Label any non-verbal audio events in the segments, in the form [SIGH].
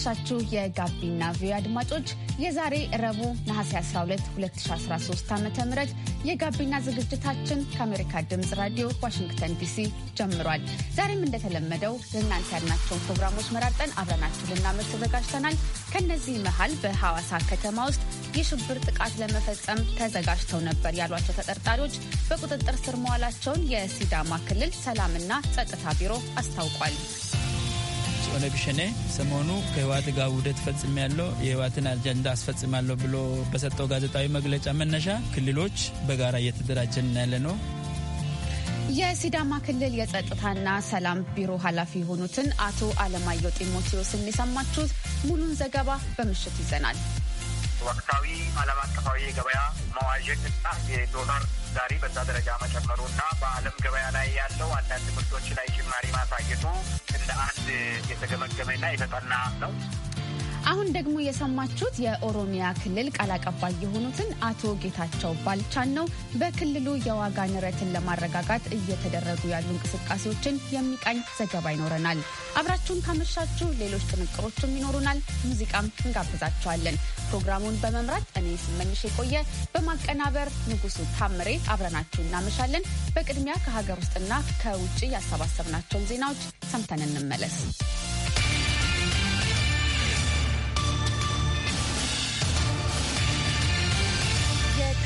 አመሻችሁ የጋቢና ቪዮ አድማጮች የዛሬ ረቡ ነሐሴ 12 2013 ዓ ም የጋቢና ዝግጅታችን ከአሜሪካ ድምፅ ራዲዮ ዋሽንግተን ዲሲ ጀምሯል። ዛሬም እንደተለመደው ለእናንተ ያልናቸውን ፕሮግራሞች መራርጠን አብረናችሁ ልናመሽ ተዘጋጅተናል። ከእነዚህ መሀል በሐዋሳ ከተማ ውስጥ የሽብር ጥቃት ለመፈጸም ተዘጋጅተው ነበር ያሏቸው ተጠርጣሪዎች በቁጥጥር ስር መዋላቸውን የሲዳማ ክልል ሰላምና ጸጥታ ቢሮ አስታውቋል። ኦነግ ሸኔ ሰሞኑ ከህወሓት ጋር ውህደት ያለው የህወሓትን አጀንዳ አስፈጽማለሁ ብሎ በሰጠው ጋዜጣዊ መግለጫ መነሻ ክልሎች በጋራ እየተደራጀን ያለ ነው። የሲዳማ ክልል የጸጥታና ሰላም ቢሮ ኃላፊ የሆኑትን አቶ አለማየሁ ጢሞቴዎስን የሰማችሁት። ሙሉን ዘገባ በምሽት ይዘናል። ወቅታዊ ዓለም አቀፋዊ የገበያ መዋዠቅና የዶላር ዛሬ በዛ ደረጃ መጨመሩ እና በዓለም ገበያ ላይ ያለው አንዳንድ ምርቶች ላይ ጭማሪ ማሳየቱ እንደ አንድ የተገመገመና የተጠና ነው። አሁን ደግሞ የሰማችሁት የኦሮሚያ ክልል ቃል አቀባይ የሆኑትን አቶ ጌታቸው ባልቻን ነው። በክልሉ የዋጋ ንረትን ለማረጋጋት እየተደረጉ ያሉ እንቅስቃሴዎችን የሚቃኝ ዘገባ ይኖረናል። አብራችሁን ካመሻችሁ ሌሎች ጥንቅሮችም ይኖሩናል። ሙዚቃም እንጋብዛችኋለን። ፕሮግራሙን በመምራት እኔ ስመኝሽ የቆየ፣ በማቀናበር ንጉሱ ታምሬ አብረናችሁ እናመሻለን። በቅድሚያ ከሀገር ውስጥና ከውጭ ያሰባሰብናቸውን ዜናዎች ሰምተን እንመለስ።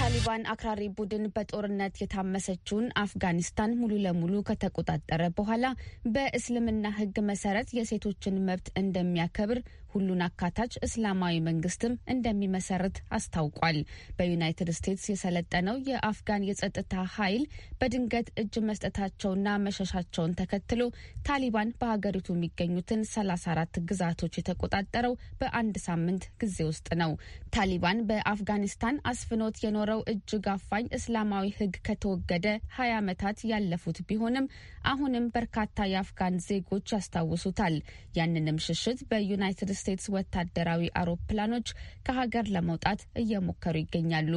የታሊባን አክራሪ ቡድን በጦርነት የታመሰችውን አፍጋኒስታን ሙሉ ለሙሉ ከተቆጣጠረ በኋላ በእስልምና ሕግ መሰረት የሴቶችን መብት እንደሚያከብር ሁሉን አካታች እስላማዊ መንግስትም እንደሚመሰርት አስታውቋል። በዩናይትድ ስቴትስ የሰለጠነው የአፍጋን የጸጥታ ኃይል በድንገት እጅ መስጠታቸውና መሸሻቸውን ተከትሎ ታሊባን በሀገሪቱ የሚገኙትን 34 ግዛቶች የተቆጣጠረው በአንድ ሳምንት ጊዜ ውስጥ ነው። ታሊባን በአፍጋኒስታን አስፍኖት የኖረው እጅግ አፋኝ እስላማዊ ህግ ከተወገደ 20 ዓመታት ያለፉት ቢሆንም አሁንም በርካታ የአፍጋን ዜጎች ያስታውሱታል። ያንንም ሽሽት በዩናይትድ ስቴትስ ወታደራዊ አውሮፕላኖች ከሀገር ለመውጣት እየሞከሩ ይገኛሉ።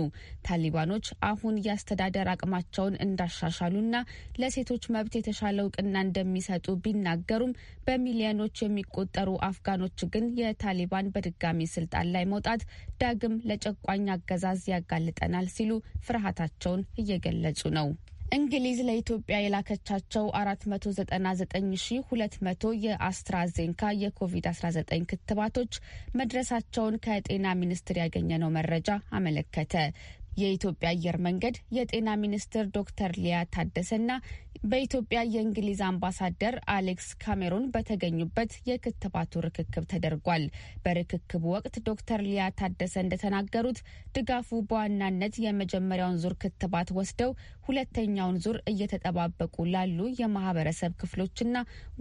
ታሊባኖች አሁን የአስተዳደር አቅማቸውን እንዳሻሻሉና ለሴቶች መብት የተሻለ እውቅና እንደሚሰጡ ቢናገሩም በሚሊዮኖች የሚቆጠሩ አፍጋኖች ግን የታሊባን በድጋሚ ስልጣን ላይ መውጣት ዳግም ለጨቋኝ አገዛዝ ያጋልጠናል ሲሉ ፍርሃታቸውን እየገለጹ ነው። እንግሊዝ ለኢትዮጵያ የላከቻቸው 499200 የአስትራዜንካ የኮቪድ-19 ክትባቶች መድረሳቸውን ከጤና ሚኒስቴር ያገኘነው መረጃ አመለከተ። የኢትዮጵያ አየር መንገድ የጤና ሚኒስትር ዶክተር ሊያ ታደሰና በኢትዮጵያ የእንግሊዝ አምባሳደር አሌክስ ካሜሮን በተገኙበት የክትባቱ ርክክብ ተደርጓል። በርክክቡ ወቅት ዶክተር ሊያ ታደሰ እንደተናገሩት ድጋፉ በዋናነት የመጀመሪያውን ዙር ክትባት ወስደው ሁለተኛውን ዙር እየተጠባበቁ ላሉ የማህበረሰብ ክፍሎችና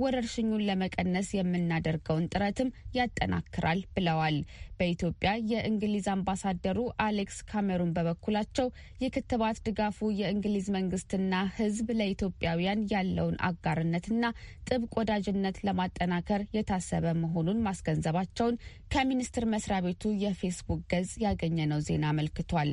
ወረርሽኙን ለመቀነስ የምናደርገውን ጥረትም ያጠናክራል ብለዋል። በኢትዮጵያ የእንግሊዝ አምባሳደሩ አሌክስ ካሜሩን በበኩ በበኩላቸው የክትባት ድጋፉ የእንግሊዝ መንግስትና ሕዝብ ለኢትዮጵያውያን ያለውን አጋርነትና ጥብቅ ወዳጅነት ለማጠናከር የታሰበ መሆኑን ማስገንዘባቸውን ከሚኒስቴር መስሪያ ቤቱ የፌስቡክ ገጽ ያገኘነው ዜና አመልክቷል።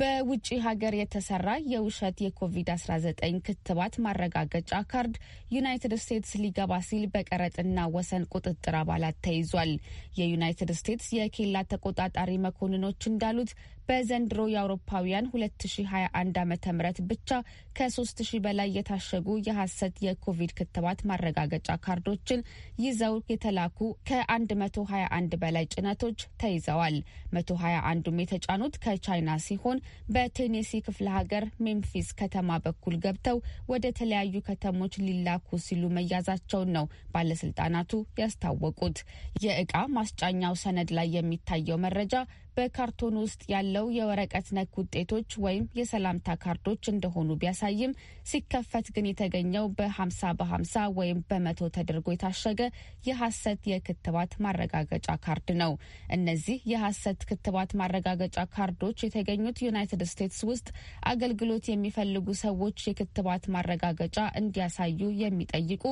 በውጭ ሀገር የተሰራ የውሸት የኮቪድ-19 ክትባት ማረጋገጫ ካርድ ዩናይትድ ስቴትስ ሊገባ ሲል በቀረጥና ወሰን ቁጥጥር አባላት ተይዟል። የዩናይትድ ስቴትስ የኬላ ተቆጣጣሪ መኮንኖች እንዳሉት በዘንድሮ የአውሮፓውያን 2021 ዓ ም ብቻ ከ3000 በላይ የታሸጉ የሐሰት የኮቪድ ክትባት ማረጋገጫ ካርዶችን ይዘው የተላኩ ከ121 በላይ ጭነቶች ተይዘዋል። 121ዱም የተጫኑት ከቻይና ሲሆን በቴኔሲ ክፍለ ሀገር ሜምፊስ ከተማ በኩል ገብተው ወደ ተለያዩ ከተሞች ሊላኩ ሲሉ መያዛቸውን ነው ባለስልጣናቱ ያስታወቁት። የእቃ ማስጫኛው ሰነድ ላይ የሚታየው መረጃ በካርቶን ውስጥ ያለው የወረቀት ነክ ውጤቶች ወይም የሰላምታ ካርዶች እንደሆኑ ቢያሳይም ሲከፈት ግን የተገኘው በ50 በ50 ወይም በመቶ ተደርጎ የታሸገ የሐሰት የክትባት ማረጋገጫ ካርድ ነው። እነዚህ የሐሰት ክትባት ማረጋገጫ ካርዶች የተገኙት ዩናይትድ ስቴትስ ውስጥ አገልግሎት የሚፈልጉ ሰዎች የክትባት ማረጋገጫ እንዲያሳዩ የሚጠይቁ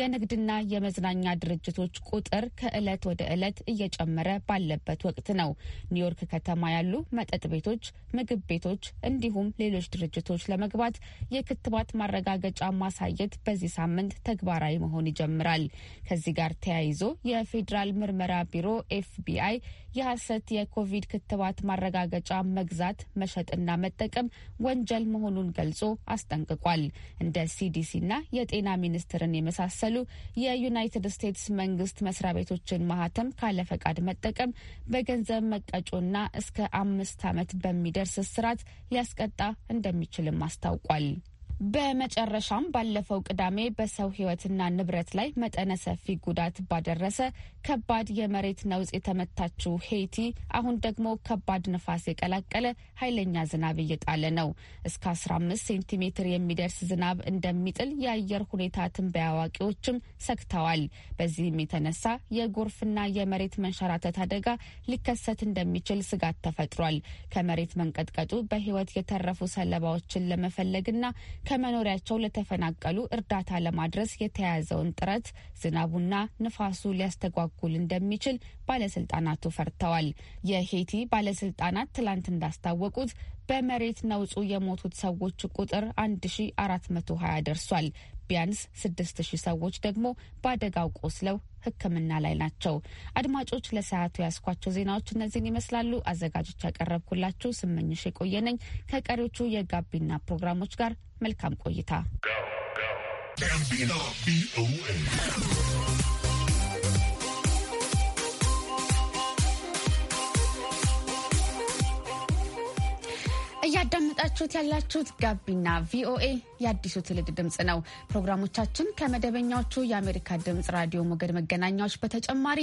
የንግድና የመዝናኛ ድርጅቶች ቁጥር ከእለት ወደ እለት እየጨመረ ባለበት ወቅት ነው። ኒውዮርክ ከተማ ያሉ መጠጥ ቤቶች፣ ምግብ ቤቶች እንዲሁም ሌሎች ድርጅቶች ለመግባት የክትባት ማረጋገጫ ማሳየት በዚህ ሳምንት ተግባራዊ መሆን ይጀምራል። ከዚህ ጋር ተያይዞ የፌዴራል ምርመራ ቢሮ ኤፍቢአይ የሐሰት የኮቪድ ክትባት ማረጋገጫ መግዛት፣ መሸጥና መጠቀም ወንጀል መሆኑን ገልጾ አስጠንቅቋል። እንደ ሲዲሲና የጤና ሚኒስቴርን የመሳሰሉ የዩናይትድ ስቴትስ መንግስት መስሪያ ቤቶችን ማህተም ካለፈቃድ መጠቀም በገንዘብ መቀጮ መቀጮና እስከ አምስት ዓመት በሚደርስ እስራት ሊያስቀጣ እንደሚችልም አስታውቋል። በመጨረሻም ባለፈው ቅዳሜ በሰው ሕይወትና ንብረት ላይ መጠነ ሰፊ ጉዳት ባደረሰ ከባድ የመሬት ነውጽ የተመታችው ሄይቲ አሁን ደግሞ ከባድ ንፋስ የቀላቀለ ኃይለኛ ዝናብ እየጣለ ነው። እስከ 15 ሴንቲሜትር የሚደርስ ዝናብ እንደሚጥል የአየር ሁኔታ ትንበያ አዋቂዎችም ሰግተዋል። በዚህም የተነሳ የጎርፍና የመሬት መንሸራተት አደጋ ሊከሰት እንደሚችል ስጋት ተፈጥሯል። ከመሬት መንቀጥቀጡ በሕይወት የተረፉ ሰለባዎችን ለመፈለግና ከመኖሪያቸው ለተፈናቀሉ እርዳታ ለማድረስ የተያያዘውን ጥረት ዝናቡና ንፋሱ ሊያስተጓጉል እንደሚችል ባለስልጣናቱ ፈርተዋል። የሄቲ ባለስልጣናት ትላንት እንዳስታወቁት በመሬት ነውጡ የሞቱት ሰዎች ቁጥር 1420 ደርሷል። ቢያንስ 6000 ሰዎች ደግሞ በአደጋው ቆስለው ሕክምና ላይ ናቸው። አድማጮች ለሰዓቱ ያስኳቸው ዜናዎች እነዚህን ይመስላሉ። አዘጋጆች ያቀረብኩላችሁ ስመኝሽ የቆየነኝ ከቀሪዎቹ የጋቢና ፕሮግራሞች ጋር መልካም ቆይታ። እያዳመጣችሁት ያላችሁት ጋቢና ቪኦኤ የአዲሱ ትውልድ ድምፅ ነው። ፕሮግራሞቻችን ከመደበኛዎቹ የአሜሪካ ድምፅ ራዲዮ ሞገድ መገናኛዎች በተጨማሪ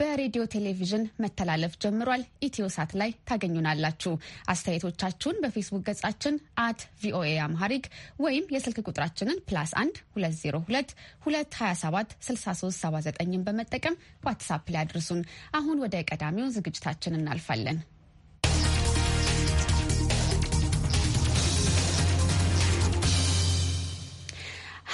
በሬዲዮ ቴሌቪዥን መተላለፍ ጀምሯል። ኢትዮ ሳት ላይ ታገኙናላችሁ። አስተያየቶቻችሁን በፌስቡክ ገጻችን አት ቪኦኤ አምሃሪክ ወይም የስልክ ቁጥራችንን ፕላስ 1 202 227 6379 በመጠቀም ዋትሳፕ ላይ አድርሱን። አሁን ወደ ቀዳሚው ዝግጅታችን እናልፋለን።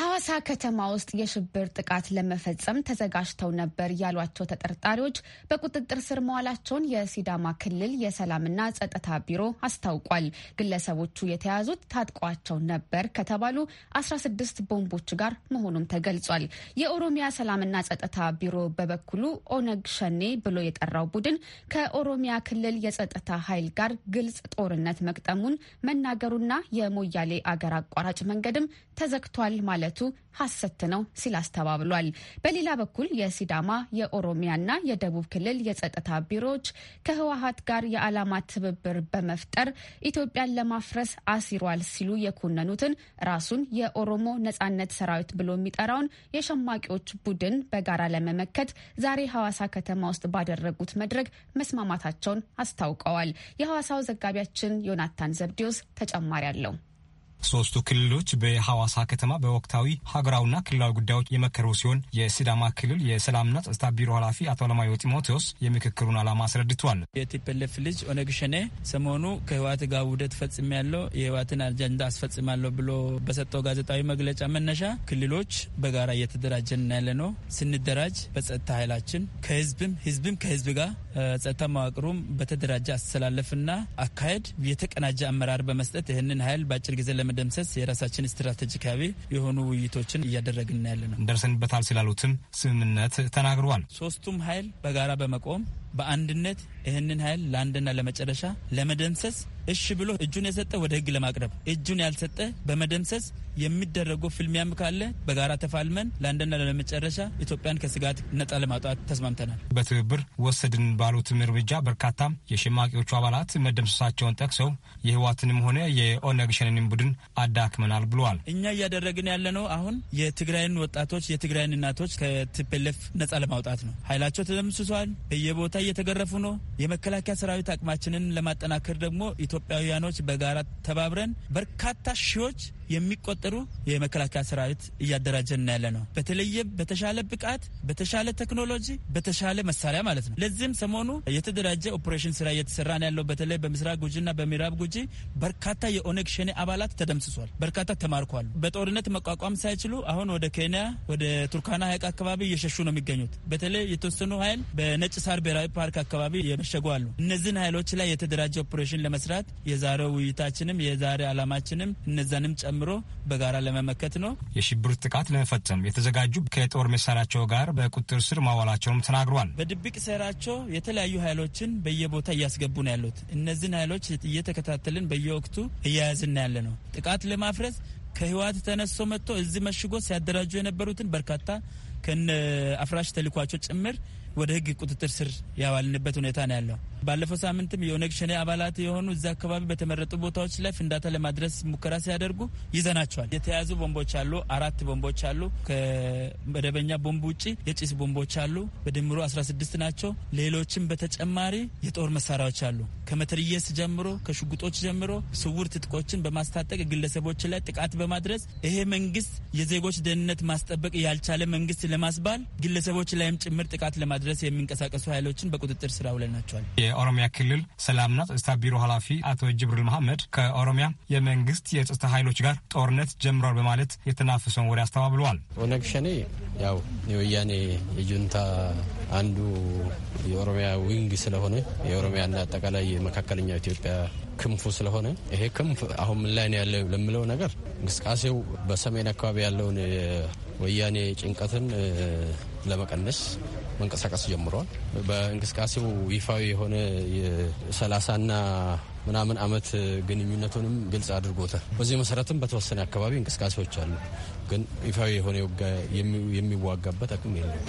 ሐዋሳ ከተማ ውስጥ የሽብር ጥቃት ለመፈጸም ተዘጋጅተው ነበር ያሏቸው ተጠርጣሪዎች በቁጥጥር ስር መዋላቸውን የሲዳማ ክልል የሰላምና ጸጥታ ቢሮ አስታውቋል። ግለሰቦቹ የተያዙት ታጥቋቸው ነበር ከተባሉ 16 ቦምቦች ጋር መሆኑም ተገልጿል። የኦሮሚያ ሰላምና ጸጥታ ቢሮ በበኩሉ ኦነግ ሸኔ ብሎ የጠራው ቡድን ከኦሮሚያ ክልል የጸጥታ ኃይል ጋር ግልጽ ጦርነት መቅጠሙን መናገሩና የሞያሌ አገር አቋራጭ መንገድም ተዘግቷል ማለት ማለቱ ሀሰት ነው ሲል አስተባብሏል። በሌላ በኩል የሲዳማ የኦሮሚያና የደቡብ ክልል የጸጥታ ቢሮዎች ከህወሀት ጋር የዓላማ ትብብር በመፍጠር ኢትዮጵያን ለማፍረስ አሲሯል ሲሉ የኮነኑትን ራሱን የኦሮሞ ነጻነት ሰራዊት ብሎ የሚጠራውን የሸማቂዎች ቡድን በጋራ ለመመከት ዛሬ ሐዋሳ ከተማ ውስጥ ባደረጉት መድረክ መስማማታቸውን አስታውቀዋል። የሐዋሳው ዘጋቢያችን ዮናታን ዘብዲዮስ ተጨማሪ አለው። ሶስቱ ክልሎች በሐዋሳ ከተማ በወቅታዊ ሀገራዊና ክልላዊ ጉዳዮች የመከሩ ሲሆን የሲዳማ ክልል የሰላምና ጸጥታ ቢሮ ኃላፊ አቶ ለማዮ ጢሞቴዎስ የምክክሩን ዓላማ አስረድቷል። የቲፒኤልኤፍ ልጅ ኦነግ ሸኔ ሰሞኑ ከህወሓት ጋር ውህደት ፈጽሜ ያለው የህወሓትን አጀንዳ አስፈጽማለሁ ብሎ በሰጠው ጋዜጣዊ መግለጫ መነሻ ክልሎች በጋራ እየተደራጀን ያለ ነው። ስንደራጅ በጸጥታ ኃይላችን ከህዝብም ህዝብም ከህዝብ ጋር ጸጥታ መዋቅሩም በተደራጀ አስተላለፍና አካሄድ የተቀናጀ አመራር በመስጠት ይህንን ኃይል በአጭር ጊዜ ለመ ለመደምሰስ የራሳችን ስትራቴጂካዊ የሆኑ ውይይቶችን እያደረግን ያለ ነው። ደርሰንበታል ስላሉትም ስምምነት ተናግረዋል። ሶስቱም ኃይል በጋራ በመቆም በአንድነት ይህንን ኃይል ለአንድና ለመጨረሻ ለመደምሰስ እሺ ብሎ እጁን የሰጠ ወደ ህግ ለማቅረብ እጁን ያልሰጠ በመደምሰስ የሚደረጉ ፍልሚያም ካለ በጋራ ተፋልመን ለአንድና ለመጨረሻ ኢትዮጵያን ከስጋት ነጻ ለማውጣት ተስማምተናል። በትብብር ወሰድን ባሉትም እርምጃ በርካታ የሸማቂዎቹ አባላት መደምሰሳቸውን ጠቅሰው የህወሓትንም ሆነ የኦነግ ሸኔንም ቡድን አዳክመናል ብለዋል። እኛ እያደረግን ያለነው አሁን የትግራይን ወጣቶች የትግራይን እናቶች ከቲፒኤልኤፍ ነጻ ለማውጣት ነው። ኃይላቸው ተደምስሷል በየቦታ ላይ እየተገረፉ ነው። የመከላከያ ሰራዊት አቅማችንን ለማጠናከር ደግሞ ኢትዮጵያውያኖች በጋራ ተባብረን በርካታ ሺዎች የሚቆጠሩ የመከላከያ ሰራዊት እያደራጀን ያለ ነው። በተለየ በተሻለ ብቃት፣ በተሻለ ቴክኖሎጂ፣ በተሻለ መሳሪያ ማለት ነው። ለዚህም ሰሞኑ የተደራጀ ኦፕሬሽን ስራ እየተሰራ ነው ያለው። በተለይ በምስራቅ ጉጂና በምዕራብ ጉጂ በርካታ የኦነግ ሸኔ አባላት ተደምስሷል። በርካታ ተማርኳል። በጦርነት መቋቋም ሳይችሉ አሁን ወደ ኬንያ ወደ ቱርካና ሀይቅ አካባቢ እየሸሹ ነው የሚገኙት። በተለይ የተወሰኑ ሀይል በነጭ ሳር ብሔራዊ ፓርክ አካባቢ የመሸጉ አሉ። እነዚህን ሀይሎች ላይ የተደራጀ ኦፕሬሽን ለመስራት የዛሬው ውይይታችንም የዛሬ አላማችንም እነዛንም ጨምሮ ጀምሮ በጋራ ለመመከት ነው። የሽብር ጥቃት ለመፈጸም የተዘጋጁ ከጦር መሳሪያቸው ጋር በቁጥጥር ስር ማዋላቸውም ተናግሯል። በድብቅ ስራቸው የተለያዩ ኃይሎችን በየቦታ እያስገቡ ነው ያሉት። እነዚህን ኃይሎች እየተከታተልን በየወቅቱ እያያዝና ያለ ነው። ጥቃት ለማፍረስ ከህወሓት ተነሶ መጥቶ እዚህ መሽጎ ሲያደራጁ የነበሩትን በርካታ ከነ አፍራሽ ተልኳቸው ጭምር ወደ ህግ ቁጥጥር ስር ያዋልንበት ሁኔታ ነው ያለው። ባለፈው ሳምንትም የኦነግ ሸኔ አባላት የሆኑ እዚ አካባቢ በተመረጡ ቦታዎች ላይ ፍንዳታ ለማድረስ ሙከራ ሲያደርጉ ይዘናቸዋል። የተያዙ ቦምቦች አሉ። አራት ቦምቦች አሉ። ከመደበኛ ቦምብ ውጭ የጭስ ቦምቦች አሉ። በድምሩ 16 ናቸው። ሌሎችም በተጨማሪ የጦር መሳሪያዎች አሉ። ከመትርየስ ጀምሮ ከሽጉጦች ጀምሮ ስውር ትጥቆችን በማስታጠቅ ግለሰቦች ላይ ጥቃት በማድረስ ይሄ መንግስት የዜጎች ደህንነት ማስጠበቅ ያልቻለ መንግስት ለማስባል ግለሰቦች ላይም ጭምር ጥቃት ለማድረስ የሚንቀሳቀሱ ኃይሎችን በቁጥጥር ስር አውለናቸዋል። የኦሮሚያ ክልል ሰላምና ጸጥታ ቢሮ ኃላፊ አቶ ጅብሪል መሐመድ ከኦሮሚያ የመንግስት የጸጥታ ኃይሎች ጋር ጦርነት ጀምሯል በማለት የተናፈሰውን ወሬ አስተባብለዋል። ኦነግ ሸኔ ያው የወያኔ የጁንታ አንዱ የኦሮሚያ ዊንግ ስለሆነ የኦሮሚያና አጠቃላይ የመካከለኛ ኢትዮጵያ ክንፉ ስለሆነ ይሄ ክንፍ አሁን ምን ላይ ነው ያለው ለምለው ነገር እንቅስቃሴው በሰሜን አካባቢ ያለውን ወያኔ ጭንቀትን ለመቀነስ መንቀሳቀስ ጀምረዋል። በእንቅስቃሴው ይፋዊ የሆነ የሰላሳና ምናምን አመት ግንኙነቱንም ግልጽ አድርጎታል። በዚህ መሰረትም በተወሰነ አካባቢ እንቅስቃሴዎች አሉ። ግን ይፋዊ የሆነ የሚዋጋበት አቅም የለም።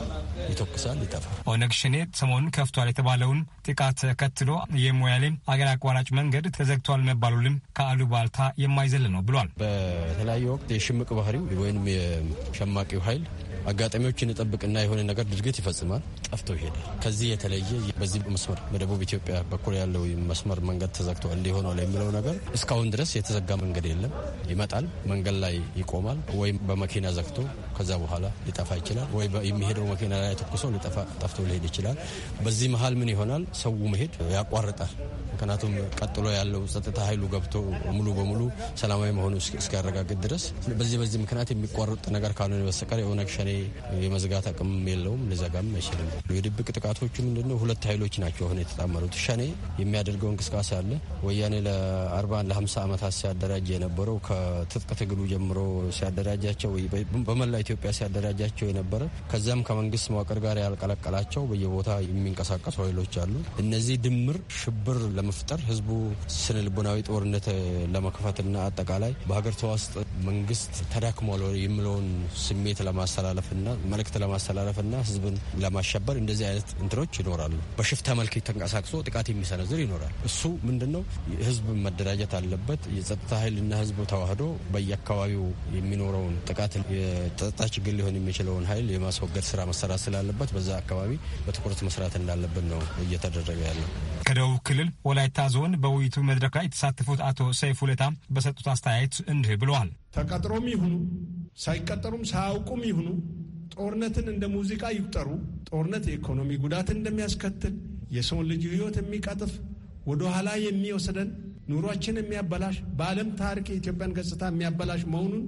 ይተኩሳል፣ ይጠፋል። ኦነግ ሸኔ ሰሞኑን ከፍቷል የተባለውን ጥቃት ተከትሎ የሞያሌም አገር አቋራጭ መንገድ ተዘግቷል መባሉልም ከአሉባልታ የማይዘል ነው ብሏል። በተለያየ ወቅት የሽምቅ ባህሪው ወይም የሸማቂው ኃይል አጋጣሚዎችን ይጠብቅና የሆነ ነገር ድርጊት ይፈጽማል፣ ጠፍቶ ይሄዳል። ከዚህ የተለየ በዚህ መስመር በደቡብ ኢትዮጵያ በኩል ያለው መስመር መንገድ ተዘግቶ እንዲሆናል የሚለው ነገር እስካሁን ድረስ የተዘጋ መንገድ የለም። ይመጣል፣ መንገድ ላይ ይቆማል፣ ወይም በመኪና ዘግቶ ከዛ በኋላ ሊጠፋ ይችላል፣ ወይ የሚሄደው መኪና ላይ ተኩሶ ጠፍቶ ሊሄድ ይችላል። በዚህ መሀል ምን ይሆናል? ሰው መሄድ ያቋርጣል። ምክንያቱም ቀጥሎ ያለው ጸጥታ ኃይሉ ገብቶ ሙሉ በሙሉ ሰላማዊ መሆኑ እስኪያረጋግጥ ድረስ በዚህ በዚህ ምክንያት የሚቋረጥ ነገር ካልሆነ በስተቀር የኦነግ ሸኔ የመዝጋት አቅም የለውም፣ ልዘጋም አይችልም። የድብቅ ጥቃቶቹ ምንድነው? ሁለት ኃይሎች ናቸው አሁን የተጣመሩት። ሸኔ የሚያደርገው እንቅስቃሴ አለ። ወያኔ ለ40 ለ50 ዓመታት ሲያደራጅ የነበረው ከትጥቅ ትግሉ ጀምሮ ሲያደራጃቸው በመላ ኢትዮጵያ ሲያደራጃቸው የነበረ ከዚያም ከመንግስት መዋቅር ጋር ያልቀለቀላቸው በየቦታ የሚንቀሳቀሱ ኃይሎች አሉ። እነዚህ ድምር ሽብር ለመፍጠር ህዝቡ ስነ ልቦናዊ ጦርነት ለመክፈትና አጠቃላይ በሀገሪቷ ውስጥ መንግስት ተዳክሟል የሚለውን ስሜት ለማስተላለፍና መልእክት ለማስተላለፍና ህዝብን ለማሸበር እንደዚህ አይነት እንትኖች ይኖራሉ። በሽፍታ መልክ ተንቀሳቅሶ ጥቃት የሚሰነዝር ይኖራል። እሱ ምንድነው? ህዝብ መደራጀት አለበት። የጸጥታ ኃይልና ህዝቡ ተዋህዶ በየአካባቢው የሚኖረውን ጥቃት የጸጥታ ችግር ሊሆን የሚችለውን ኃይል የማስወገድ ስራ መሰራት ስላለበት በዛ አካባቢ በትኩረት መስራት እንዳለብን ነው እየተደረገ ያለው ከደቡብ ክልል በወላይታ ዞን በውይይቱ መድረክ ላይ የተሳተፉት አቶ ሰይፉ ለታ በሰጡት አስተያየት እንዲህ ብለዋል። ተቀጥሮም ይሁኑ ሳይቀጠሩም ሳያውቁም ይሁኑ ጦርነትን እንደ ሙዚቃ ይቁጠሩ። ጦርነት የኢኮኖሚ ጉዳት እንደሚያስከትል የሰውን ልጅ ሕይወት የሚቀጥፍ ወደ ኋላ የሚወስደን ኑሯችን የሚያበላሽ በዓለም ታሪክ የኢትዮጵያን ገጽታ የሚያበላሽ መሆኑን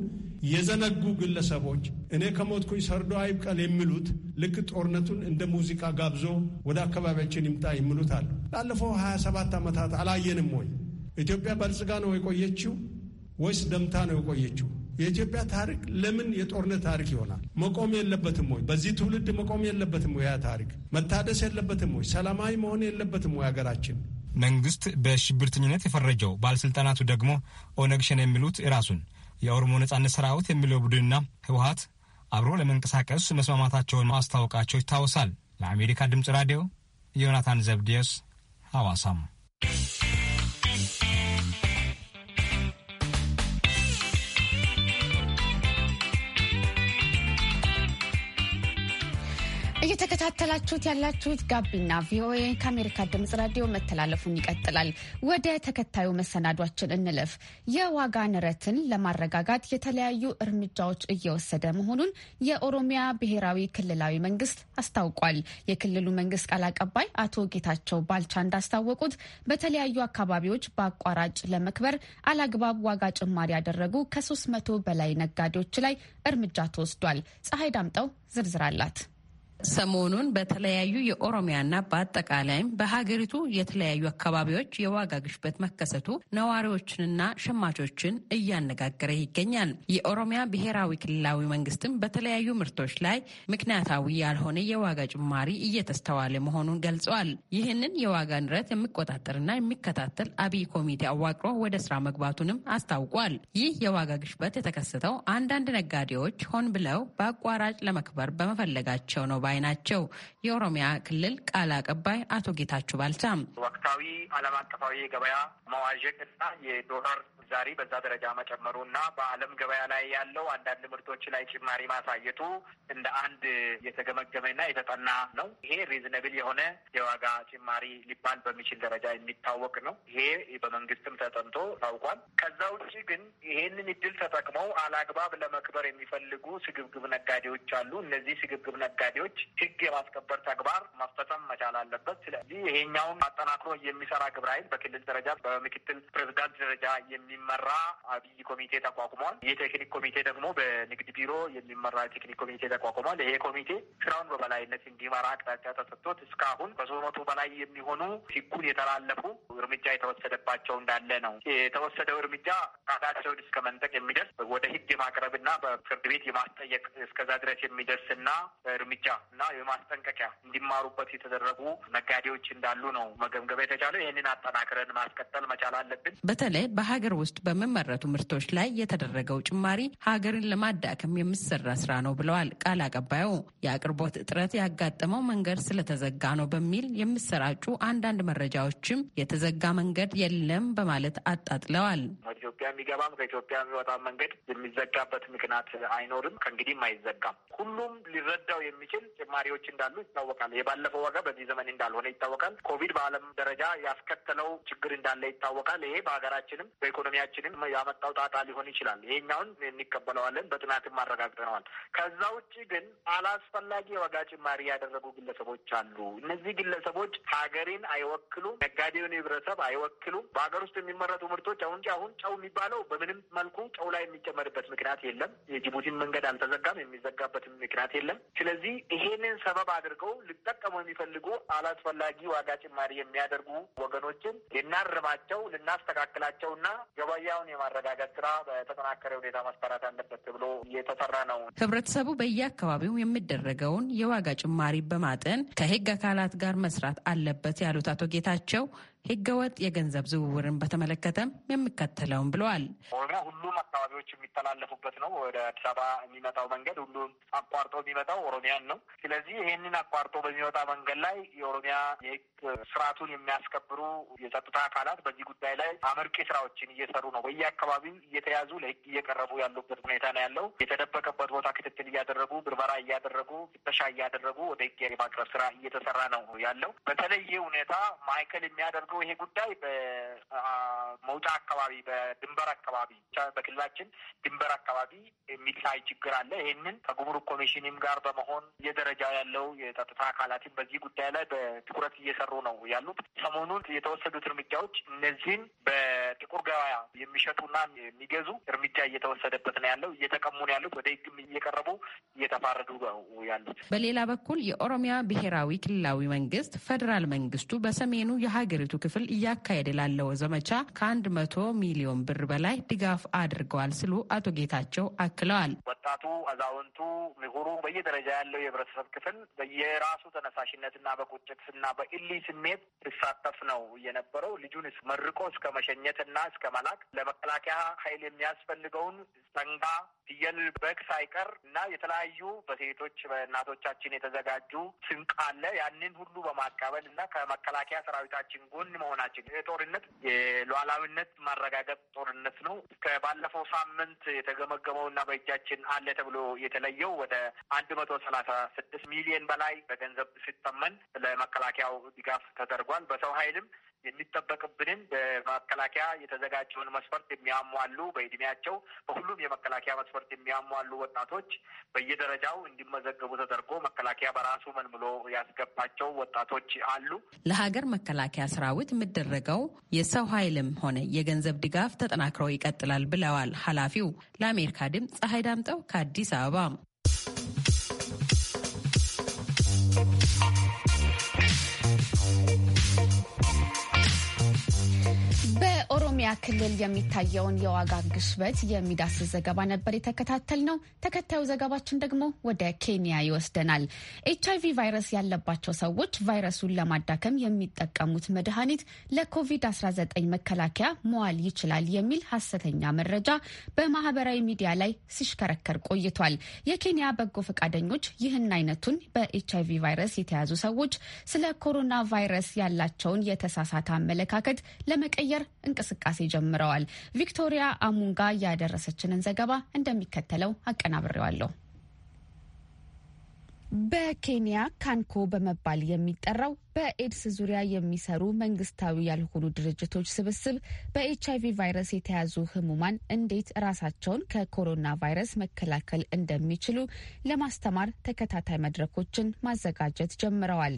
የዘነጉ ግለሰቦች እኔ ከሞትኩኝ ሰርዶ አይብቀል የሚሉት ልክ ጦርነቱን እንደ ሙዚቃ ጋብዞ ወደ አካባቢያችን ይምጣ የሚሉት አሉ። ላለፈው 27 ዓመታት አላየንም ወይ? ኢትዮጵያ በልጽጋ ነው የቆየችው ወይስ ደምታ ነው የቆየችው? የኢትዮጵያ ታሪክ ለምን የጦርነት ታሪክ ይሆናል? መቆም የለበትም ወይ? በዚህ ትውልድ መቆም የለበትም ወይ? ያ ታሪክ መታደስ የለበትም ወይ? ሰላማዊ መሆን የለበትም ወይ? ሀገራችን መንግስት በሽብርተኝነት የፈረጀው ባለስልጣናቱ ደግሞ ኦነግ ሸኔ የሚሉት ራሱን የኦሮሞ ነጻነት ሰራዊት የሚለው ቡድንና ህወሀት አብሮ ለመንቀሳቀስ መስማማታቸውን ማስታወቃቸው ይታወሳል። ለአሜሪካ ድምፅ ራዲዮ ዮናታን ዘብዲዮስ ሐዋሳም እየተከታተላችሁት ያላችሁት ጋቢና ቪኦኤ ከአሜሪካ ድምጽ ራዲዮ መተላለፉን ይቀጥላል። ወደ ተከታዩ መሰናዷችን እንለፍ። የዋጋ ንረትን ለማረጋጋት የተለያዩ እርምጃዎች እየወሰደ መሆኑን የኦሮሚያ ብሔራዊ ክልላዊ መንግስት አስታውቋል። የክልሉ መንግስት ቃል አቀባይ አቶ ጌታቸው ባልቻ እንዳስታወቁት በተለያዩ አካባቢዎች በአቋራጭ ለመክበር አላግባብ ዋጋ ጭማሪ ያደረጉ ከ መቶ በላይ ነጋዴዎች ላይ እርምጃ ተወስዷል። ፀሐይ ዳምጠው ዝርዝር አላት። ሰሞኑን በተለያዩ የኦሮሚያና በአጠቃላይም በሀገሪቱ የተለያዩ አካባቢዎች የዋጋ ግሽበት መከሰቱ ነዋሪዎችንና ሸማቾችን እያነጋገረ ይገኛል። የኦሮሚያ ብሔራዊ ክልላዊ መንግስትም በተለያዩ ምርቶች ላይ ምክንያታዊ ያልሆነ የዋጋ ጭማሪ እየተስተዋለ መሆኑን ገልጸዋል። ይህንን የዋጋ ንረት የሚቆጣጠርና የሚከታተል አብይ ኮሚቴ አዋቅሮ ወደ ስራ መግባቱንም አስታውቋል። ይህ የዋጋ ግሽበት የተከሰተው አንዳንድ ነጋዴዎች ሆን ብለው በአቋራጭ ለመክበር በመፈለጋቸው ነው ባይ ባይ ናቸው። የኦሮሚያ ክልል ቃል አቀባይ አቶ ጌታችሁ ባልቻ ወቅታዊ ዓለም አቀፋዊ ገበያ እና የዶላር ዛሬ በዛ ደረጃ መጨመሩ እና በዓለም ገበያ ላይ ያለው አንዳንድ ምርቶች ላይ ጭማሪ ማሳየቱ እንደ አንድ የተገመገመና የተጠና ነው። ይሄ ሪዝነብል የሆነ የዋጋ ጭማሪ ሊባል በሚችል ደረጃ የሚታወቅ ነው። ይሄ በመንግስትም ተጠንቶ ታውቋል። ከዛ ውጭ ግን ይሄንን እድል ተጠቅመው አላግባብ ለመክበር የሚፈልጉ ስግብግብ ነጋዴዎች አሉ። እነዚህ ስግብግብ ነጋዴዎች ህግ የማስከበር ተግባር ማስፈጸም መቻል አለበት። ስለዚህ ይሄኛውን አጠናክሮ የሚሰራ ግብረ ኃይል በክልል ደረጃ በምክትል ፕሬዚዳንት ደረጃ የሚ የሚመራ አብይ ኮሚቴ ተቋቁሟል። የቴክኒክ ኮሚቴ ደግሞ በንግድ ቢሮ የሚመራ ቴክኒክ ኮሚቴ ተቋቁሟል። ይሄ ኮሚቴ ስራውን በበላይነት እንዲመራ አቅጣጫ ተሰጥቶት እስካሁን ከሶስት መቶ በላይ የሚሆኑ ህጉን የተላለፉ እርምጃ የተወሰደባቸው እንዳለ ነው። የተወሰደው እርምጃ ቃታቸውን እስከ መንጠቅ የሚደርስ ወደ ህግ የማቅረብና በፍርድ ቤት የማስጠየቅ እስከዛ ድረስ የሚደርስና እርምጃ እና የማስጠንቀቂያ እንዲማሩበት የተደረጉ ነጋዴዎች እንዳሉ ነው መገምገም የተቻለው። ይህንን አጠናክረን ማስቀጠል መቻል አለብን። በተለይ በሀገር ውስጥ በሚመረቱ ምርቶች ላይ የተደረገው ጭማሪ ሀገርን ለማዳከም የሚሰራ ስራ ነው ብለዋል ቃል አቀባዩ። የአቅርቦት እጥረት ያጋጠመው መንገድ ስለተዘጋ ነው በሚል የሚሰራጩ አንዳንድ መረጃዎችም የተዘጋ መንገድ የለም በማለት አጣጥለዋል። ከኢትዮጵያ የሚገባም ከኢትዮጵያ የሚወጣ መንገድ የሚዘጋበት ምክንያት አይኖርም። ከእንግዲህም አይዘጋም። ሁሉም ሊረዳው የሚችል ጭማሪዎች እንዳሉ ይታወቃል። የባለፈው ዋጋ በዚህ ዘመን እንዳልሆነ ይታወቃል። ኮቪድ በዓለም ደረጃ ያስከተለው ችግር እንዳለ ይታወቃል። ይሄ በሀገራችንም በኢኮኖሚያችንም ያመጣው ጣጣ ሊሆን ይችላል። ይሄኛውን እንቀበለዋለን፣ በጥናትም አረጋግጠነዋል። ከዛ ውጭ ግን አላስፈላጊ የዋጋ ጭማሪ ያደረጉ ግለሰቦች አሉ። እነዚህ ግለሰቦች ሀገሬን አይወክሉም፣ ነጋዴውን ህብረተሰብ አይወክሉም። በሀገር ውስጥ የሚመረቱ ምርቶች አሁን አሁን ጨው የሚባለው በምንም መልኩ ጨው ላይ የሚጨመርበት ምክንያት የለም። የጅቡቲን መንገድ አልተዘጋም፣ የሚዘጋበትም ምክንያት የለም። ስለዚህ ይሄንን ሰበብ አድርገው ሊጠቀሙ የሚፈልጉ አላስፈላጊ ዋጋ ጭማሪ የሚያደርጉ ወገኖችን ልናርማቸው፣ ልናስተካክላቸው እና ገበያውን የማረጋጋት ስራ በተጠናከረ ሁኔታ ማሰራት አለበት ተብሎ እየተሰራ ነው። ህብረተሰቡ በየአካባቢው የሚደረገውን የዋጋ ጭማሪ በማጠን ከህግ አካላት ጋር መስራት አለበት ያሉት አቶ ጌታቸው ህገወጥ የገንዘብ ዝውውርን በተመለከተም የሚከተለውን ብለዋል። ኦሮሚያ ሁሉም አካባቢዎች የሚተላለፉበት ነው። ወደ አዲስ አበባ የሚመጣው መንገድ ሁሉም አቋርጦ የሚመጣው ኦሮሚያን ነው። ስለዚህ ይህንን አቋርጦ በሚወጣ መንገድ ላይ የኦሮሚያ የህግ ስርዓቱን የሚያስከብሩ የጸጥታ አካላት በዚህ ጉዳይ ላይ አመርቂ ስራዎችን እየሰሩ ነው። በየአካባቢው እየተያዙ ለህግ እየቀረቡ ያሉበት ሁኔታ ነው ያለው። የተደበቀበት ቦታ ክትትል እያደረጉ ብርበራ እያደረጉ ፍተሻ እያደረጉ ወደ ህግ የማቅረብ ስራ እየተሰራ ነው ያለው። በተለየ ሁኔታ ማዕከል የሚያደርገው ይሄ ጉዳይ በመውጫ አካባቢ በድንበር አካባቢ በክልላችን ድንበር አካባቢ የሚታይ ችግር አለ። ይህንን ከጉምሩክ ኮሚሽንም ጋር በመሆን የደረጃ ያለው የጸጥታ አካላትን በዚህ ጉዳይ ላይ በትኩረት እየሰሩ ነው ያሉት። ሰሞኑን የተወሰዱት እርምጃዎች እነዚህን በጥቁር ገበያ የሚሸጡና የሚገዙ እርምጃ እየተወሰደበት ነው ያለው። እየተቀሙ ነው ያሉት፣ ወደ ህግም እየቀረቡ እየተፋረዱ ያሉት። በሌላ በኩል የኦሮሚያ ብሔራዊ ክልላዊ መንግስት ፌዴራል መንግስቱ በሰሜኑ የሀገሪቱ ክፍል እያካሄደ ላለው ዘመቻ ከአንድ መቶ ሚሊዮን ብር በላይ ድጋፍ አድርገዋል ሲሉ አቶ ጌታቸው አክለዋል። ወጣቱ፣ አዛውንቱ፣ ምሁሩ በየደረጃ ያለው የህብረተሰብ ክፍል በየራሱ ተነሳሽነትና በቁጭትና በኢሊ ስሜት ሲሳተፍ ነው የነበረው። ልጁን መርቆ እስከ መሸኘትና እስከ መላክ ለመከላከያ ኃይል የሚያስፈልገውን ሰንጋ፣ ፍየል፣ በግ ሳይቀር እና የተለያዩ በሴቶች በእናቶቻችን የተዘጋጁ ስንቅ አለ። ያንን ሁሉ በማቀበል እና ከመከላከያ ሰራዊታችን ጎን መሆናችን ጦርነት የሉዓላዊነት ማረጋገጥ ጦርነት ነው። ከባለፈው ሳምንት የተገመገመው እና በእጃችን አለ ተብሎ የተለየው ወደ አንድ መቶ ሰላሳ ስድስት ሚሊዮን በላይ በገንዘብ ሲተመን ለመከላከያው ድጋፍ ተደርጓል። በሰው ኃይልም የሚጠበቅብንን በመከላከያ የተዘጋጀውን መስፈርት የሚያሟሉ በእድሜያቸው በሁሉም የመከላከያ መስፈርት የሚያሟሉ ወጣቶች በየደረጃው እንዲመዘገቡ ተደርጎ መከላከያ በራሱ መልምሎ ያስገባቸው ወጣቶች አሉ። ለሀገር መከላከያ ሰራዊት ለሚያደርጉት የሚደረገው የሰው ኃይልም ሆነ የገንዘብ ድጋፍ ተጠናክሮ ይቀጥላል ብለዋል ኃላፊው። ለአሜሪካ ድምፅ ፀሐይ ዳምጠው ከአዲስ አበባ ክልል የሚታየውን የዋጋ ግሽበት የሚዳስስ ዘገባ ነበር የተከታተል ነው። ተከታዩ ዘገባችን ደግሞ ወደ ኬንያ ይወስደናል። ኤች አይቪ ቫይረስ ያለባቸው ሰዎች ቫይረሱን ለማዳከም የሚጠቀሙት መድኃኒት ለኮቪድ-19 መከላከያ መዋል ይችላል የሚል ሀሰተኛ መረጃ በማህበራዊ ሚዲያ ላይ ሲሽከረከር ቆይቷል። የኬንያ በጎ ፈቃደኞች ይህን አይነቱን በኤች አይቪ ቫይረስ የተያዙ ሰዎች ስለ ኮሮና ቫይረስ ያላቸውን የተሳሳተ አመለካከት ለመቀየር እንቅስቃሴ ጀምረዋል። ቪክቶሪያ አሙንጋ ያደረሰችንን ዘገባ እንደሚከተለው አቀናብሬዋለሁ። በኬንያ ካንኮ በመባል የሚጠራው በኤድስ ዙሪያ የሚሰሩ መንግስታዊ ያልሆኑ ድርጅቶች ስብስብ በኤች አይቪ ቫይረስ የተያዙ ህሙማን እንዴት ራሳቸውን ከኮሮና ቫይረስ መከላከል እንደሚችሉ ለማስተማር ተከታታይ መድረኮችን ማዘጋጀት ጀምረዋል።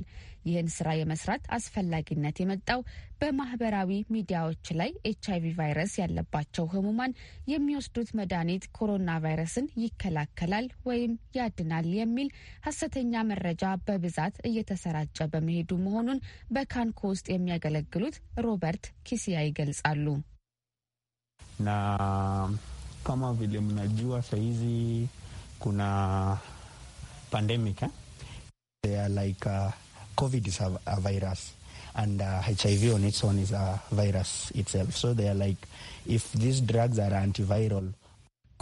ይህን ስራ የመስራት አስፈላጊነት የመጣው በማህበራዊ ሚዲያዎች ላይ ኤች አይቪ ቫይረስ ያለባቸው ህሙማን የሚወስዱት መድኃኒት ኮሮና ቫይረስን ይከላከላል ወይም ያድናል የሚል ሀሰተኛ መረጃ በብዛት እየተሰራጨ በመሄዱ መሆኑን በካንኮ ውስጥ የሚያገለግሉት ሮበርት ኪሲያ ይገልጻሉ። na kama vile mnajua sahizi kuna pandemic eh? They are like uh, COVID is a, a virus and uh, HIV on its own is a virus itself so they are like if these drugs are antiviral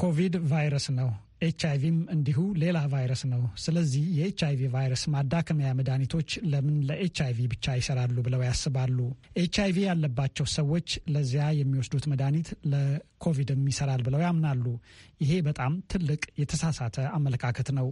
ኮቪድ ቫይረስ ነው ኤች አይቪም እንዲሁ ሌላ ቫይረስ ነው። ስለዚህ የኤች አይቪ ቫይረስ ማዳከሚያ መድኃኒቶች ለምን ለኤች አይቪ ብቻ ይሰራሉ ብለው ያስባሉ። ኤች አይቪ ያለባቸው ሰዎች ለዚያ የሚወስዱት መድኃኒት ለኮቪድም ይሰራል ብለው ያምናሉ። ይሄ በጣም ትልቅ የተሳሳተ አመለካከት ነው።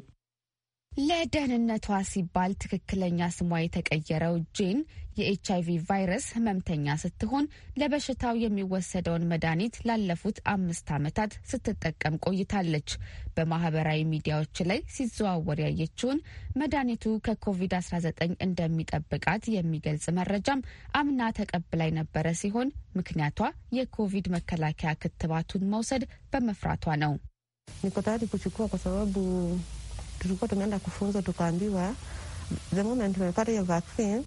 ለደህንነቷ ሲባል ትክክለኛ ስሟ የተቀየረው ጄን የኤች አይቪ ቫይረስ ህመምተኛ ስትሆን ለበሽታው የሚወሰደውን መድኃኒት ላለፉት አምስት ዓመታት ስትጠቀም ቆይታለች። በማህበራዊ ሚዲያዎች ላይ ሲዘዋወር ያየችውን መድኃኒቱ ከኮቪድ-19 እንደሚጠብቃት የሚገልጽ መረጃም አምና ተቀብላ የነበረ ሲሆን ምክንያቷ የኮቪድ መከላከያ ክትባቱን መውሰድ በመፍራቷ ነው። tulikuwa tumeenda kufunzwa, tukaambiwa the moment tumepata hiyo vaccine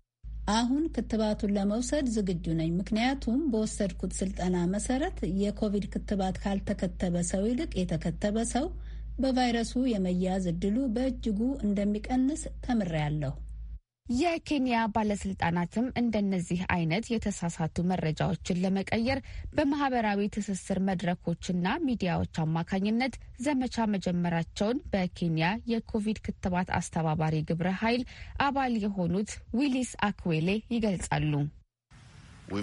አሁን ክትባቱን ለመውሰድ ዝግጁ ነኝ። ምክንያቱም በወሰድኩት ስልጠና መሰረት የኮቪድ ክትባት ካልተከተበ ሰው ይልቅ የተከተበ ሰው በቫይረሱ የመያዝ እድሉ በእጅጉ እንደሚቀንስ ተምሬያለሁ። የኬንያ ባለስልጣናትም እንደነዚህ አይነት የተሳሳቱ መረጃዎችን ለመቀየር በማህበራዊ ትስስር መድረኮችና ሚዲያዎች አማካኝነት ዘመቻ መጀመራቸውን በኬንያ የኮቪድ ክትባት አስተባባሪ ግብረ ኃይል አባል የሆኑት ዊሊስ አክዌሌ ይገልጻሉ። ዊ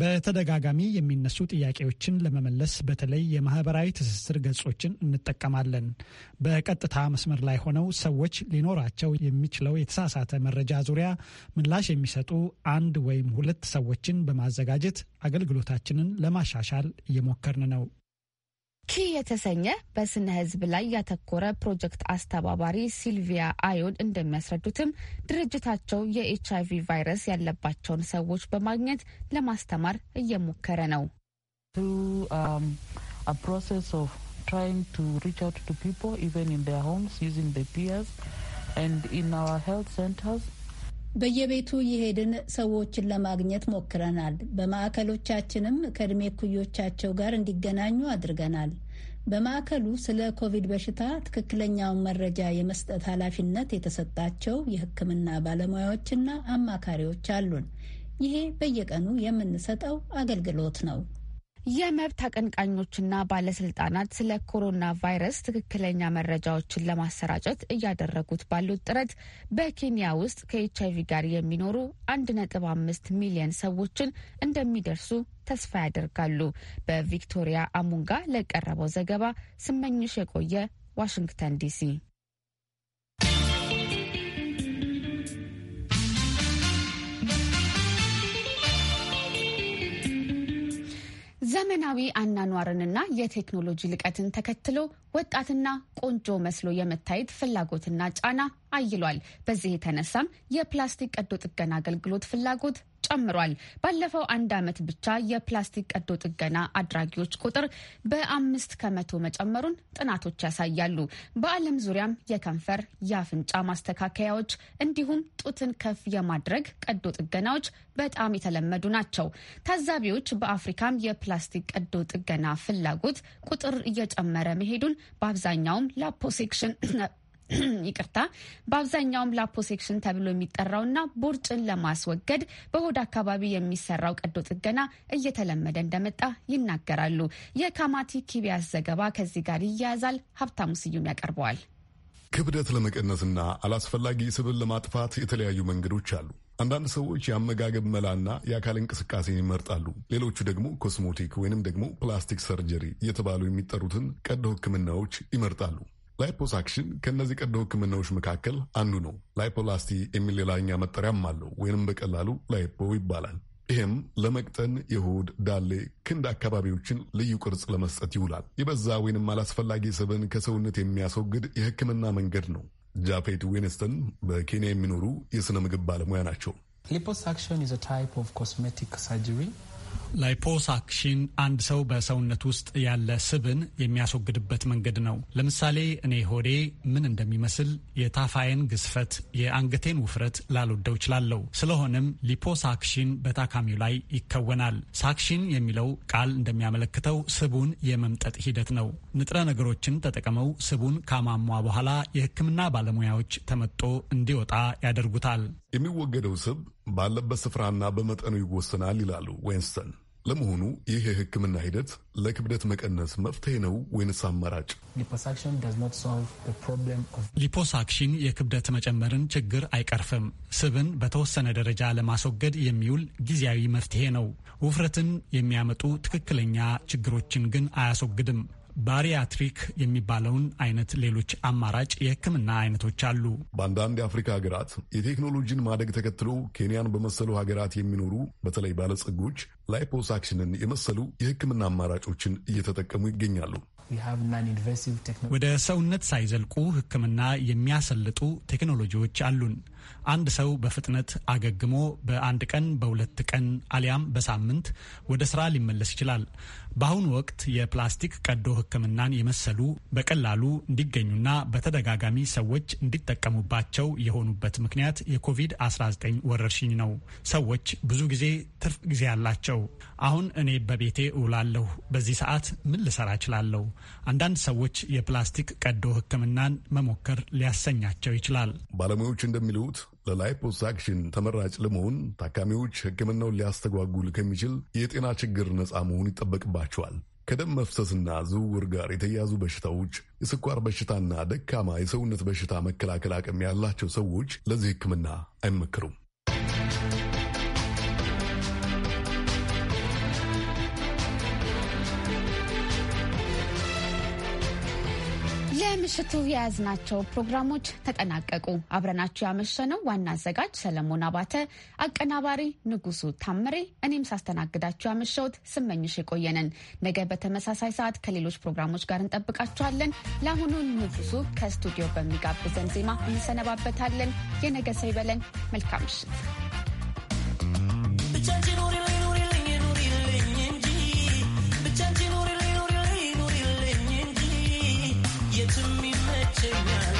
በተደጋጋሚ የሚነሱ ጥያቄዎችን ለመመለስ በተለይ የማህበራዊ ትስስር ገጾችን እንጠቀማለን። በቀጥታ መስመር ላይ ሆነው ሰዎች ሊኖራቸው የሚችለው የተሳሳተ መረጃ ዙሪያ ምላሽ የሚሰጡ አንድ ወይም ሁለት ሰዎችን በማዘጋጀት አገልግሎታችንን ለማሻሻል እየሞከርን ነው። ኪ የተሰኘ በስነ ህዝብ ላይ ያተኮረ ፕሮጀክት አስተባባሪ ሲልቪያ አዮን እንደሚያስረዱትም ድርጅታቸው የኤች አይ ቪ ቫይረስ ያለባቸውን ሰዎች በማግኘት ለማስተማር እየሞከረ ነው። ፒፕል ኢቨን ኢን ሆምስ ዩዚንግ ፒርስ ኤንድ ኢን አወር ሄልት ሴንተርስ በየቤቱ የሄድን ሰዎችን ለማግኘት ሞክረናል። በማዕከሎቻችንም ከእድሜ ኩዮቻቸው ጋር እንዲገናኙ አድርገናል። በማዕከሉ ስለ ኮቪድ በሽታ ትክክለኛውን መረጃ የመስጠት ኃላፊነት የተሰጣቸው የሕክምና ባለሙያዎችና አማካሪዎች አሉን። ይሄ በየቀኑ የምንሰጠው አገልግሎት ነው። የመብት አቀንቃኞችና ባለስልጣናት ስለ ኮሮና ቫይረስ ትክክለኛ መረጃዎችን ለማሰራጨት እያደረጉት ባሉት ጥረት በኬንያ ውስጥ ከኤች አይቪ ጋር የሚኖሩ አንድ ነጥብ አምስት ሚሊየን ሰዎችን እንደሚደርሱ ተስፋ ያደርጋሉ። በቪክቶሪያ አሙንጋ ለቀረበው ዘገባ ስመኝሽ የቆየ ዋሽንግተን ዲሲ ዘመናዊ አናኗርንና የቴክኖሎጂ ልቀትን ተከትሎ ወጣትና ቆንጆ መስሎ የመታየት ፍላጎትና ጫና አይሏል። በዚህ የተነሳም የፕላስቲክ ቀዶ ጥገና አገልግሎት ፍላጎት ጨምሯል። ባለፈው አንድ ዓመት ብቻ የፕላስቲክ ቀዶ ጥገና አድራጊዎች ቁጥር በአምስት ከመቶ መጨመሩን ጥናቶች ያሳያሉ። በዓለም ዙሪያም የከንፈር የአፍንጫ ማስተካከያዎች እንዲሁም ጡትን ከፍ የማድረግ ቀዶ ጥገናዎች በጣም የተለመዱ ናቸው። ታዛቢዎች በአፍሪካም የፕላስቲክ ቀዶ ጥገና ፍላጎት ቁጥር እየጨመረ መሄዱን በአብዛኛውም ላፖሴክሽን [CLEARS THROAT] [CLEARS THROAT] ይቅርታ በአብዛኛውም ላፖሴክሽን ተብሎ የሚጠራውና ቦርጭን ለማስወገድ በሆድ አካባቢ የሚሰራው ቀዶ ጥገና እየተለመደ እንደመጣ ይናገራሉ። የካማቲ ኪቢያስ ዘገባ ከዚህ ጋር ይያያዛል። ሀብታሙ ስዩም ያቀርበዋል። ክብደት ለመቀነስና አላስፈላጊ ስብን ለማጥፋት የተለያዩ መንገዶች አሉ። አንዳንድ ሰዎች የአመጋገብ መላና የአካል እንቅስቃሴን ይመርጣሉ። ሌሎቹ ደግሞ ኮስሞቲክ ወይንም ደግሞ ፕላስቲክ ሰርጀሪ እየተባሉ የሚጠሩትን ቀዶ ሕክምናዎች ይመርጣሉ። ላይፖሳክሽን ከእነዚህ ቀዶ ህክምናዎች መካከል አንዱ ነው። ላይፖላስቲ የሚል ሌላኛ መጠሪያም አለው ወይንም በቀላሉ ላይፖ ይባላል። ይህም ለመቅጠን የሆድ ዳሌ፣ ክንድ አካባቢዎችን ልዩ ቅርጽ ለመስጠት ይውላል። የበዛ ወይንም አላስፈላጊ ስብን ከሰውነት የሚያስወግድ የህክምና መንገድ ነው። ጃፌት ዌንስተን በኬንያ የሚኖሩ የሥነ ምግብ ባለሙያ ናቸው። ሊፖሳክሽን ኢዝ አ ታይፕ ኦፍ ኮስሜቲክ ሰርጀሪ ላይፖሳክሽን አንድ ሰው በሰውነት ውስጥ ያለ ስብን የሚያስወግድበት መንገድ ነው። ለምሳሌ እኔ ሆዴ ምን እንደሚመስል፣ የታፋዬን ግዝፈት፣ የአንገቴን ውፍረት ላልወደው እችላለሁ። ስለሆነም ሊፖሳክሽን በታካሚው ላይ ይከወናል። ሳክሽን የሚለው ቃል እንደሚያመለክተው ስቡን የመምጠጥ ሂደት ነው። ንጥረ ነገሮችን ተጠቅመው ስቡን ካማሟ በኋላ የሕክምና ባለሙያዎች ተመጦ እንዲወጣ ያደርጉታል። የሚወገደው ስብ ባለበት ስፍራና በመጠኑ ይወሰናል ይላሉ ዌንስተን። ለመሆኑ ይህ የሕክምና ሂደት ለክብደት መቀነስ መፍትሄ ነው ወይንስ አማራጭ? ሊፖሳክሽን የክብደት መጨመርን ችግር አይቀርፍም። ስብን በተወሰነ ደረጃ ለማስወገድ የሚውል ጊዜያዊ መፍትሄ ነው። ውፍረትን የሚያመጡ ትክክለኛ ችግሮችን ግን አያስወግድም። ባሪያትሪክ የሚባለውን አይነት ሌሎች አማራጭ የህክምና አይነቶች አሉ። በአንዳንድ የአፍሪካ ሀገራት የቴክኖሎጂን ማደግ ተከትሎ ኬንያን በመሰሉ ሀገራት የሚኖሩ በተለይ ባለጸጎች ላይፖሳክሽንን የመሰሉ የህክምና አማራጮችን እየተጠቀሙ ይገኛሉ። ወደ ሰውነት ሳይዘልቁ ህክምና የሚያሰልጡ ቴክኖሎጂዎች አሉን። አንድ ሰው በፍጥነት አገግሞ በአንድ ቀን፣ በሁለት ቀን አሊያም በሳምንት ወደ ስራ ሊመለስ ይችላል። በአሁኑ ወቅት የፕላስቲክ ቀዶ ሕክምናን የመሰሉ በቀላሉ እንዲገኙና በተደጋጋሚ ሰዎች እንዲጠቀሙባቸው የሆኑበት ምክንያት የኮቪድ-19 ወረርሽኝ ነው። ሰዎች ብዙ ጊዜ ትርፍ ጊዜ አላቸው። አሁን እኔ በቤቴ እውላለሁ። በዚህ ሰዓት ምን ልሰራ እችላለሁ? አንዳንድ ሰዎች የፕላስቲክ ቀዶ ሕክምናን መሞከር ሊያሰኛቸው ይችላል። ባለሙያዎች እንደሚሉ ለላይፖሳክሽን ተመራጭ ለመሆን ታካሚዎች ሕክምናውን ሊያስተጓጉል ከሚችል የጤና ችግር ነፃ መሆን ይጠበቅባቸዋል። ከደም መፍሰስና ዝውውር ጋር የተያያዙ በሽታዎች፣ የስኳር በሽታና ደካማ የሰውነት በሽታ መከላከል አቅም ያላቸው ሰዎች ለዚህ ሕክምና አይመከሩም። ለምሽቱ የያዝናቸው ፕሮግራሞች ተጠናቀቁ። አብረናችሁ ያመሸነው ዋና አዘጋጅ ሰለሞን አባተ፣ አቀናባሪ ንጉሱ ታምሬ፣ እኔም ሳስተናግዳችሁ ያመሸሁት ስመኝሽ የቆየንን። ነገ በተመሳሳይ ሰዓት ከሌሎች ፕሮግራሞች ጋር እንጠብቃችኋለን። ለአሁኑ ንጉሱ ከስቱዲዮ በሚጋብዘን ዜማ እንሰነባበታለን። የነገ ሰው ይበለን። መልካም ምሽት። Seigneur.